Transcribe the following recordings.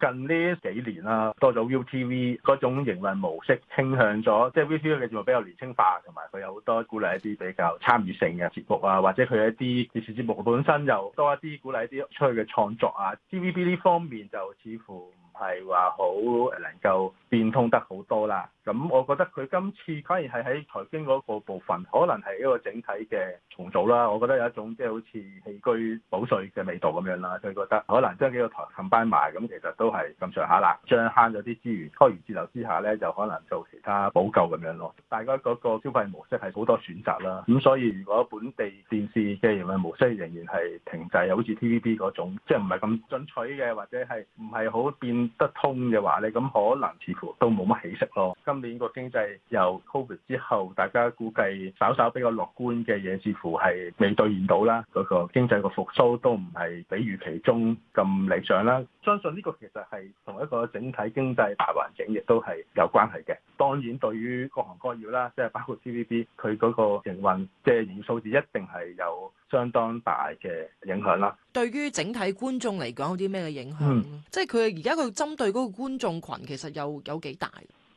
近呢幾年啦，多咗 ViuTV 嗰種營運模式，傾向咗即係 ViuTV 嘅節目比較年輕化，同埋佢有好多鼓勵一啲比較參與性嘅節目啊，或者佢一啲電視節目本身又多一啲鼓勵一啲出去嘅創作啊。TVB 呢方面就似乎。係話好能夠變通得好多啦，咁我覺得佢今次反而係喺財經嗰個部分，可能係一個整體嘅重組啦。我覺得有一種即係好似棄車保帥嘅味道咁樣啦，佢覺得可能將幾個台冚返埋，咁其實都係咁上下啦，將慳咗啲資源，開源節流之下呢，就可能做其他補救咁樣咯。大家嗰個消費模式係好多選擇啦，咁所以如果本地電視嘅營運模式仍然係停滯，好似 T V B 嗰種，即係唔係咁進取嘅，或者係唔係好變得通嘅話咧，咁可能似乎都冇乜起色咯。今年個經濟由 COVID 之後，大家估計稍稍比較樂觀嘅嘢，似乎係未兌現到啦。嗰個經濟個復甦都唔係比預期中咁理想啦。相信呢個其實係同一個整體經濟大環境亦都係有關係嘅。當然對於各行各業啦，即係包括 TVB 佢嗰個營運即係營數字一定係有。相當大嘅影響啦。對於整體觀眾嚟講，有啲咩嘅影響？即係佢而家佢針對嗰個觀眾群，其實有有幾大？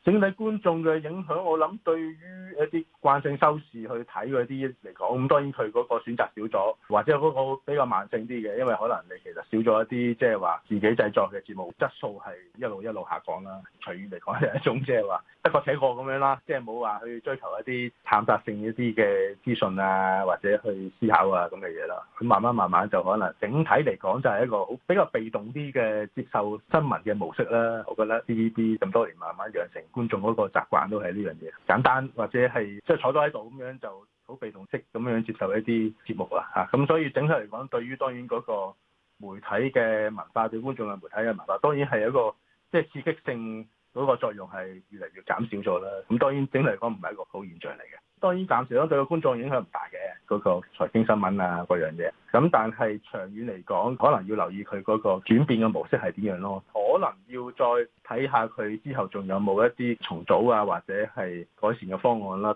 整體觀眾嘅影響，我諗對於一啲慣性收視去睇嗰啲嚟講，咁當然佢嗰個選擇少咗，或者嗰個比較慢性啲嘅，因為可能你其實少咗一啲即係話自己製作嘅節目質素係一路一路下降啦。隨意嚟講係一種即係話得過且過咁樣啦，即係冇話去追求一啲探索性一啲嘅資訊啊，或者去思考啊咁嘅嘢啦。咁慢慢慢慢就可能整體嚟講就係一個好比較被動啲嘅接受新聞嘅模式啦。我覺得 TVB 咁多年慢慢養成觀眾嗰個習慣都係呢樣嘢簡單或者。係即係坐咗喺度咁樣就好被動式咁樣接受一啲節目啦嚇，咁所以整體嚟講，對於當然嗰個媒體嘅文化，對觀眾嘅媒體嘅文化，當然係有一個即係刺激性嗰個作用係越嚟越減少咗啦。咁當然整體嚟講唔係一個好現象嚟嘅。當然暫時咧對個觀眾影響唔大嘅。嗰個財經新聞啊，嗰樣嘢，咁但係長遠嚟講，可能要留意佢嗰個轉變嘅模式係點樣咯，可能要再睇下佢之後仲有冇一啲重組啊，或者係改善嘅方案啦。